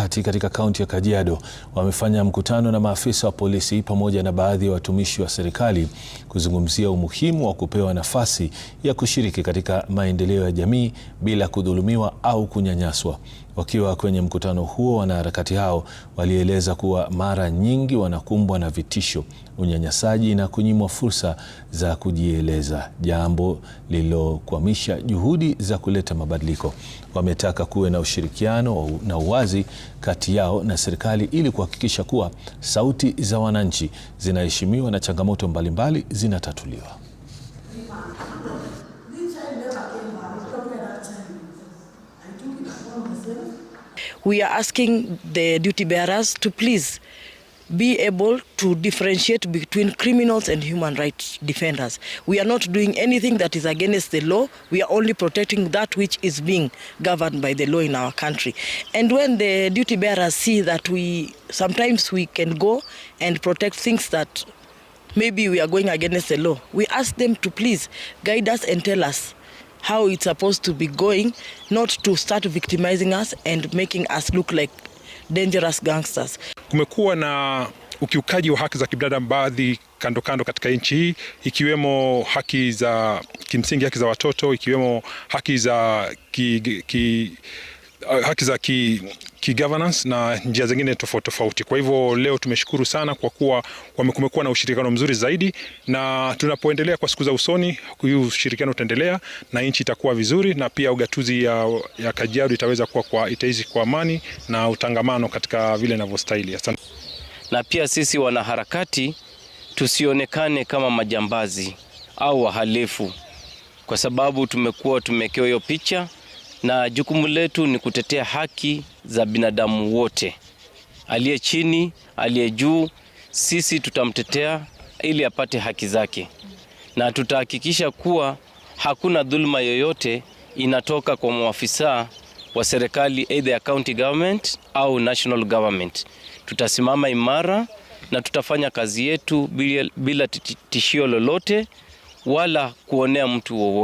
Kati katika kaunti ya Kajiado wamefanya mkutano na maafisa wa polisi pamoja na baadhi ya watumishi wa serikali kuzungumzia umuhimu wa kupewa nafasi ya kushiriki katika maendeleo ya jamii bila kudhulumiwa au kunyanyaswa. Wakiwa kwenye mkutano huo, wanaharakati hao walieleza kuwa mara nyingi wanakumbwa na vitisho, unyanyasaji na kunyimwa fursa za kujieleza, jambo lililokwamisha juhudi za kuleta mabadiliko. Wametaka kuwe na ushirikiano na uwazi kati yao na serikali ili kuhakikisha kuwa sauti za wananchi zinaheshimiwa na changamoto mbalimbali zinatatuliwa. We are asking the duty bearers to please be able to differentiate between criminals and human rights defenders. We are not doing anything that is against the law. We are only protecting that which is being governed by the law in our country. And when the duty bearers see that we sometimes we can go and protect things that maybe we are going against the law, we ask them to please guide us and tell us how it's supposed to be going, not to start victimizing us and making us look like dangerous gangsters. Kumekuwa na ukiukaji wa haki za kibinadamu baadhi kando kando katika nchi hii ikiwemo haki za kimsingi, haki za watoto, ikiwemo haki za ki, ki, Uh, haki za ki, ki governance na njia zingine tofauti tofauti. Kwa hivyo leo tumeshukuru sana kwa kuwa kumekuwa na ushirikiano mzuri zaidi, na tunapoendelea kwa siku za usoni, huu ushirikiano utaendelea na nchi itakuwa vizuri, na pia ugatuzi ya, ya Kajiado itaweza kuwa kwa, itaishi kwa amani na utangamano katika vile inavyostahili. Asante. Na pia sisi wanaharakati tusionekane kama majambazi au wahalifu, kwa sababu tumekuwa tumekewa hiyo picha na jukumu letu ni kutetea haki za binadamu wote, aliye chini, aliye juu. Sisi tutamtetea ili apate haki zake, na tutahakikisha kuwa hakuna dhuluma yoyote inatoka kwa maafisa wa serikali, either ya county government au national government. Tutasimama imara na tutafanya kazi yetu bila tishio lolote wala kuonea mtu wowote.